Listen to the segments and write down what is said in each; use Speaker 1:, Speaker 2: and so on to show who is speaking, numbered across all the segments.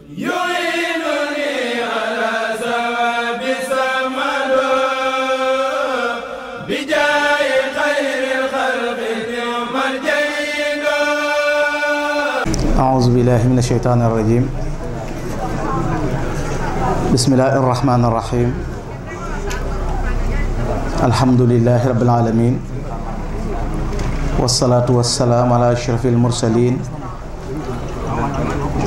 Speaker 1: أعوذ بالله من الشيطان الرجيم بسم الله الرحمن الرحيم الحمد لله رب العالمين والصلاة والسلام على أشرف المرسلين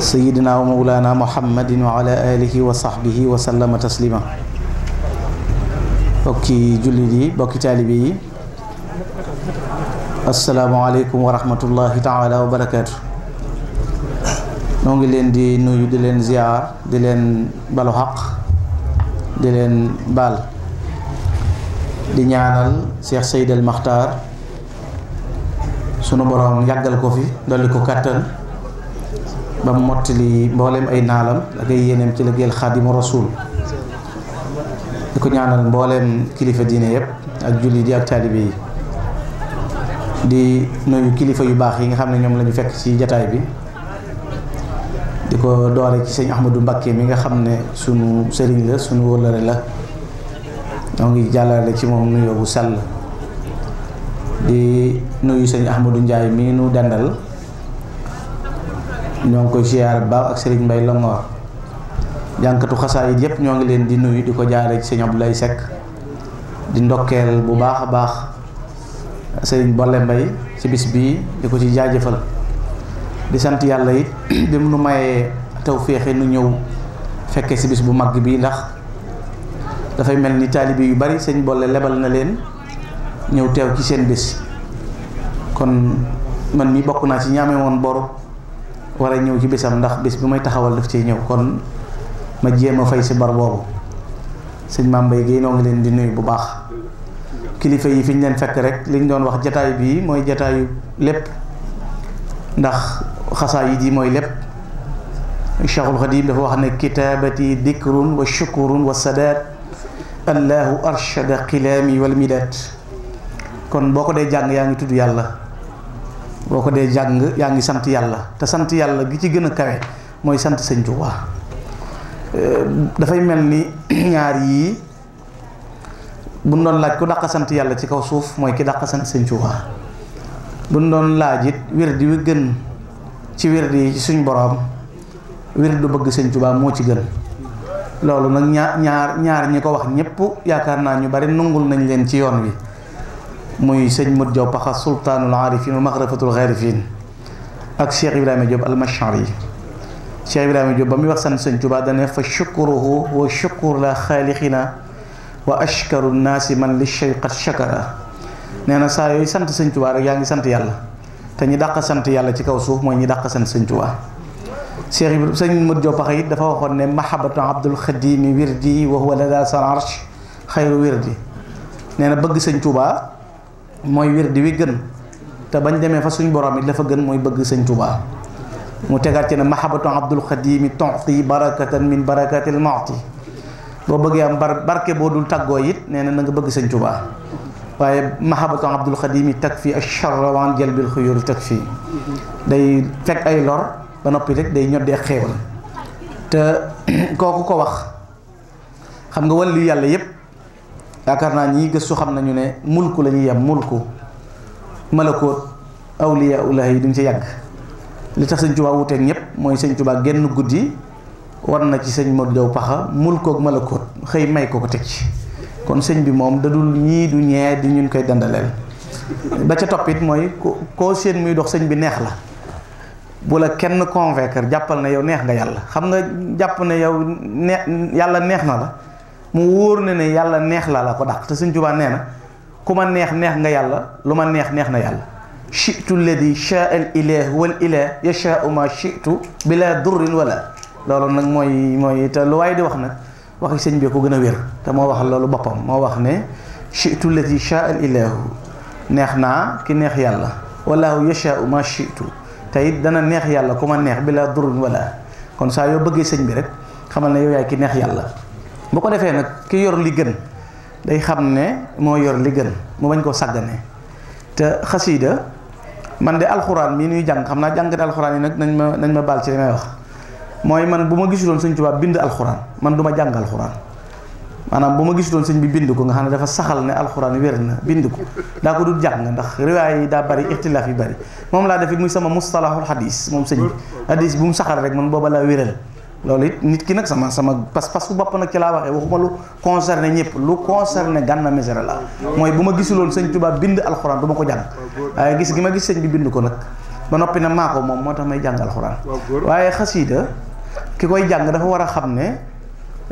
Speaker 1: sayidina wa mawlana muhammadin wa ala alihi wa sahbihi wa sallama taslima bokki jullit yi bokki taalibe yi asalaamaaleykum wa rahmatullahi taala wa barakaatu noo ngi leen di nuyu di leen ziar di leen balu xaq di leen baal di ñaanal Cheikh Seydal Maxtaar sunu boroom yàggal ko fi dolli ko kàttan ba mottali mbooleem ay naalam ak ay yéeneem ci liggéeyal xaadimu rasuul di ko ñaanal mbooleem kilifa diine yëpp ak jullit yi ak taalibe yi di nuyu kilifa yu baax yi nga xam ne ñoom la fekk ci jataay bi di ko doore ci sëñ Ahmadou Mbakke mi nga xam ne sunu sëriñ la sunu wóllare la moo ngi jàllale ci moom nuyoo bu sell di nuyu sëñ Ahmadou Ndiaye mi nu dendal ñoo ngi koy siyaar baax ak Serigne Mbaye Longoor jànkatu xasaayit yépp ñoo ngi leen di nuyu di ko jaaree ci sëñ lay Seck di ndokkeel bu baax a baax sëriñ Bolle Mbaye ci bis bii di ko ci jaajëfal di sant yàlla it bi mu nu mayee tawféexe nu ñëw fekkee si bis bu mag bii ndax dafay mel ni taalibe yu bari sëñ Bolle lebal na leen ñëw teew ci seen bis kon man mi bokk naa ci ñaame woon boru war a ñëw ci bisam ndax bis bi may taxawal daf ciy ñëw kon ma jéem a fay si bar boobu sëñ Mame Mbaye Guèye noo leen di nuyu bu baax kilifa yi fi ñu leen fekk rek liñ doon wax jataay bii mooy jataayu lépp ndax xasaa yi ji mooy lépp Cheikhul Xadim dafa wax ne kitaabati dikrun wa shukurun wa sadaat allahu arshada qilaami wal midaat kon boo ko dee jàng yaa ngi tudd yàlla boo ko dee jàng yaa ngi sant yàlla te sant yàlla gi ci gën a kawe mooy sant sëñ Tuuba euh, dafay mel ni ñaar yii bu ñu doon laaj ku dàq sant yàlla ci kaw suuf mooy ki dàq sant sëñ Tuuba bu ñu doon laaj it wirdi wi gën ci wirdi yi suñu suñ boroom wirdu bëgg sëñ Tuuba moo ci gën loolu nag ñaar ñaar ñaar ñi ko wax ñëpp yaakaar naa ñu bari nungul nañu leen ci yoon wi muy sëñ Modou Diaw Paxa sultaanul aarifin wa maxrafatul xaarifin ak Cheikh Ibrahima Diop almachar yi Cheikh Ibrahima Diop ba muy wax sant sëñ Tuubaa dane fa shukruhu wa shukru la xaalixina wa ashkaru naasi man li shay nee na saa yooyu sant sëñ Tuubaa rek yaa ngi sant yàlla te ñi dàq sant yàlla ci kaw suuf mooy ñi dàq sant sëñ Tuubaa Cheikh Ibrahima sëñ Modou Diaw Paxa it dafa waxoon ne mahabatu abdul xadimi wirdi wa huwa lada sal arsh xayru wirdi nee bëgg sëñ Tuubaa mooy di wi gën te bañ demee fa suñ borom it dafa gën mooy bëgg sëñ Tuubaa mu tegaat ci ne mahabatu abdul xadimi tonti barakatan min barakatil maati boo bëggee am bar barke boo dul tàggoo it nee na na nga bëgg sëñ Tuubaa waaye mahabatu abdul xadimi tag fi acharra waan jalbil xuyuri tag fii day fekk ay lor ba noppi rek day ñoddee xéewal te kooku ko wax xam nga wàllu yàlla yépp yaakaar naa ñiy gëstu xam nañu ne mulku la ñuy yem mulku malakoot awliya ullah yi duñ ci yàgg li tax sëñ Tuubaa wuteeg ñëpp mooy sëñ Tuubaa genn guddi war na ci sëñ Modou Jaw paxa mulkoog malakoot xëy may ko ko teg ci kon sëñ bi moom dadul ñii du ñee di ñun koy dandaleel ba ca toppit mooy koo seen muy dox sëñ bi neex la bu la kenn convaincre jàppal na yow neex nga yàlla xam nga jàpp na yow ne yàlla neex na la mu wóor na ne yàlla neex la la ko dàq te Sëñ Tuubaa nee na ku ma neex neex nga yàlla lu ma neex neex na yàlla chitu ladi chaa al ilah wal ilah yachaau ma chitu bila durrin wala loolu nag mooy mooy te lu waaye di wax nag waxi sëñ bi ko gën a wér te moo wax loolu boppam moo wax ne chitu ladi chaa al neex naa ki neex yàlla walaahu yachaau ma chitu te it dana neex yàlla ku ma neex bila durrin walla kon saa yoo bëggee sëñ bi rek xamal na yow yaay ki neex yàlla boo ko defee nag ki yor li gën day xam ne moo yor li gën mu bañ koo sàgganee te xasiida man de alxuraan mii nuy jàng xam naa jàngate alxuraan yi nag nañ ma nañ ma baal ci li may wax mooy man bu ma gisuloon sëñ Tuubaa bind alxuraan man du ma jàng alxuraan maanaam bu ma gisuloon sëñ bi bind ko nga xam ne dafa saxal ne alxuraan wér na bind ko daa ko dul jàng ndax riwaay yi daa bari ixtilaaf yi bari moom laa def it muy sama mustalahul xadis moom sëñ bi xadis bu mu saxal rek man booba laa wéral loolu it nit ki nag sama sama pas-pas bu bopp nag ci laa waxee waxuma lu concerné ñëpp lu concerné Gana Messere la mooy bu ma gisuloon sëñ Tuubaa bind alxuraan du ma ko jàng waaye gis gi ma gis sëñ bi bind ko nag ba noppi na maa moom moo tax may jàng alxuraan waaye xasiida ki koy jàng dafa war a xam ne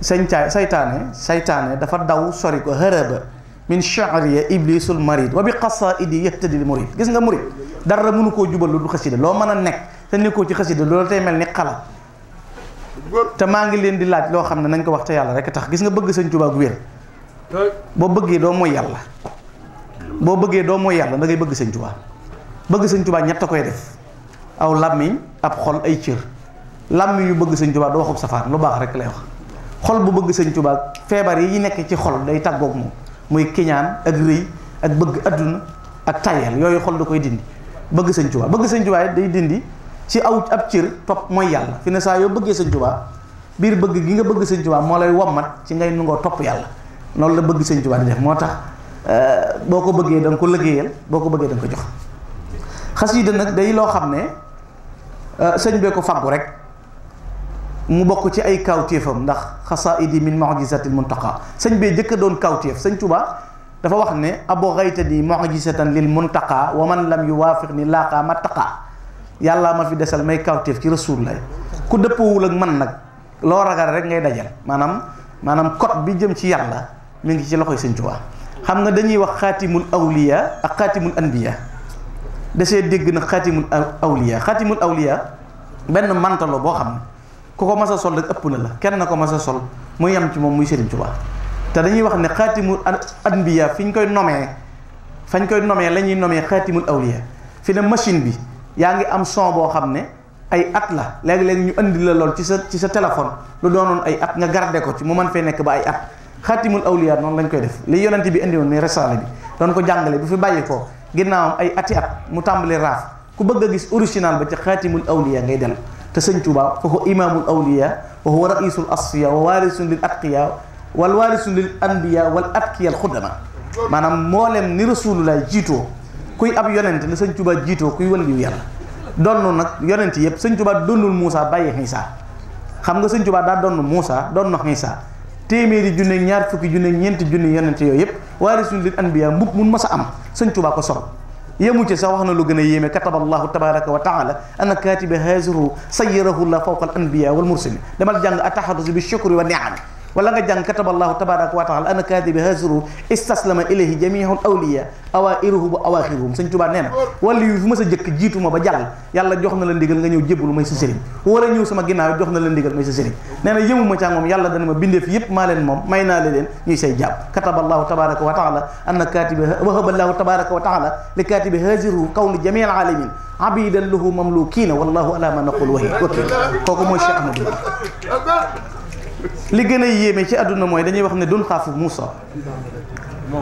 Speaker 1: sëñ caay saytaane saytaane dafa daw sori ko hërëba min sha'riya iblisul marid wa bi xas sa qasaidi yahtadil murid gis nga murid dara mënu koo jubal lu du xasida loo mën a nekk te nekkoo ci xasida loolu tey mel ni xala te maa ngi leen di laaj loo xam ne nañ ko wax te yàlla rek tax gis nga bëgg sañ Tuubaa ak wér boo bëggee doo mooy yàlla boo bëggee doo mooy yàlla da ngay bëgg sëñ Tuubaa bëgg sëñ Tuubaa ñett a koy def aw làmmiñ ab xol ay cër làmmiñ yu bëgg sëñ Tuubaa du safaan lu baax rek lay wax xol bu bëgg sëñ Tuubaa feebar yi yi nekk ci xol day tàggoog moom muy kiñaan ak rëy ak bëgg adduna ak tayel yooyu xol da koy dindi bëgg sëñ Tuubaa bëgg sëñ Tuubaa day dindi ci aw ab cër topp mooy yàlla fi ne saa yoo bëggee sëñ Tuubaa biir bëgg gi nga bëgg sëñ Tuubaa moo lay wommat ci ngay nungoo topp yàlla loolu la bëgg sëñ Tuubaa di def moo tax euh, boo ko bëggee da ko liggéeyal boo ko bëggee da nga ko jox nag day loo xam ne euh, sëñ bee ko fàggu rek mu bokk ci ay kawtéefam ndax xasaidi min mujizatil muntaqa sëñ bee jëkk doon kawtéef sëñ Tuubaa dafa wax ne abo xayta ni mujizatan lil muntaqa wa man lam yuwaafiq ni laaqa mattaqa yàlla ma fi desal may kawteef ci rasuul lay ku dëppawul ak man nag loo ragal rek ngay dajal maanaam maanaam code bi jëm ci yàlla mu ngi ci loxoy Sëñ Tuubaa xam nga dañuy wax xaatimul awliya ak xaatimul anbiya desee dégg na xaatimul awliya xaatimul awliya benn mantalo boo xam ne ko mas a sol rek ëpp na la kenn na ko mas a sol ci moom muy Sëriñ Tuubaa te dañuy wax ne xaatimul anbiya fi ñu koy nomee fañ koy nomee la ñuy nomee xaatimul awliya fi ne machine bi yaa ngi am son boo xam ne ay at la léeg-léeg ñu indi la lool ci sa ci sa téléphone lu doonoon ay at nga garde ko ci mu man fee nekk ba ay at xatimul awliya noonu lañ koy def li yonent bi indi woon muy risaala bi doon ko jàngale bu fi bàyyi ko ginnaawam ay ati mu tàmbali raaf ku bëgg a gis original ba ci xatimul awliya ngay del te sëñ Tuubaa fa huwa imaamul awliya wa huwa raisul asfiya wa waarisun lil atqiya wal waarisun lil anbiya wal atqiya al xudama maanaam mboolem ni rasulullah jiitoo kuy ab yonent la sëñ Tuubaa jiitoo kuy wëliw yàlla donn nag yonent yëpp sëñ Tuubaa donnul Muusa bàyyi Xiisa xam nga sëñ Tuubaa daa donn Muusa donn Xiisa téeméeri junne ñaar fukki junne ñeenti junne yonent yooyu yëpp waarisul lil anbiya mbub mun mas a am sëñ Tuubaa ko sol yemu ci sax wax na lu gën a yéeme kataba allahu tabaraka wa taala ana katiba haasiru sayyarahu la fawqa al anbiya wal mursalin damal jàng atahadus bi shukri wa niam wala nga jàng kataballahu tabaraka wa taala ana kaadi bi hasiru istaslama ilayhi jamihu awliya awairuhu ba awaxiruhum sëñ Tuubaa nee na wala yu fi ma sa jëkk jiituma ba jàll yàlla jox na la ndigal nga ñëw jébbalu may sa sëriñ wala ñëw sama ginnaaw jox na la ndigal may sa sëriñ nee na yëmuma ca moom yàlla dana ma bindeef yépp maa leen moom may naa leen ñuy say jàpp kataballahu tabaraka wa taala ana kaati bi wahaballahu tabaraka wa taala li kaati bi hasiruhu qawli jami al alamin abidan lahu mamlukiina wallahu ala ma naqul wahi wakil kooku li gën a yéeme ci àdduna mooy dañuy wax ne dun xaafu Moussa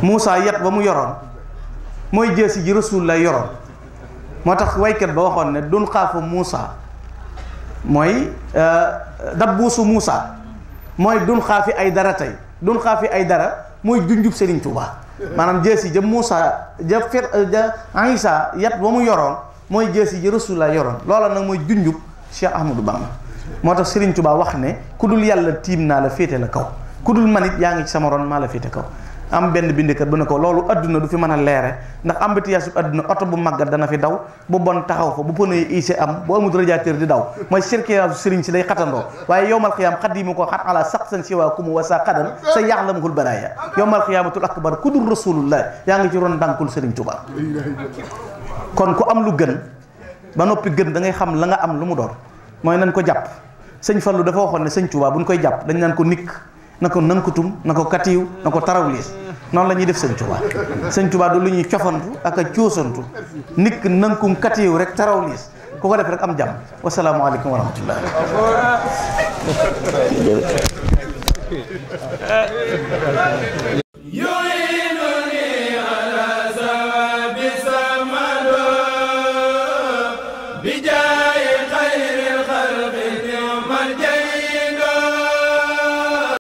Speaker 1: Moussa yat ba mu yoroon mooy jësi ji rasul la yoroon moo tax waykat ba waxoon ne dun xaafu Moussa mooy euh, dabbuusu muusa mooy dun xaafi ay dara tey dun xaafi ay dara mooy junjub Serigne Touba maanaam jësi ja Moussa ja fir ja Isa yat ba mu yoroon mooy jësi ji rasul la yoroon loola nag mooy junjub Cheikh Ahmadou Bamba moo tax Serigne Touba wax ne ku dul yàlla tiim naa la féete la kaw ku dul man it yaa ngi sama ron maa la féete kaw am benn bindikat bu ne ko loolu àdduna du fi mën a leere ndax embouteillage bu adduna oto bu màggat dana fi daw bu bon taxaw fa bu pënee ic am bu amul radiateur di daw mooy circulation sëriñ si day xatandoo waaye yowmal xiyaam xat yi mu ko xat ala sax san siwaa kumu wa a xadan sa ya'lamuhul baraaya yowmal xiyaamatul akbar ku dul rasulullah yaa ngi ci ron ndànkul sëriñ Tuubaa kon ku am lu gën noppi gën da ngay xam la nga am lu mu door mooy nañ ko jàpp sëñ Fallou dafa waxoon ne sëñ Touba bu ñu koy jàpp dañ naan ko nikk na ko nankutum na ko katiw na ko tarawliis noonu la ñuy def sëñ Touba sëñ Touba du lu ñuy cofantu ak a coosantu nikk nankum katiw rek tarawliis ku ko def rek am jàmm wasalaamualeykum wa rahmatullah yo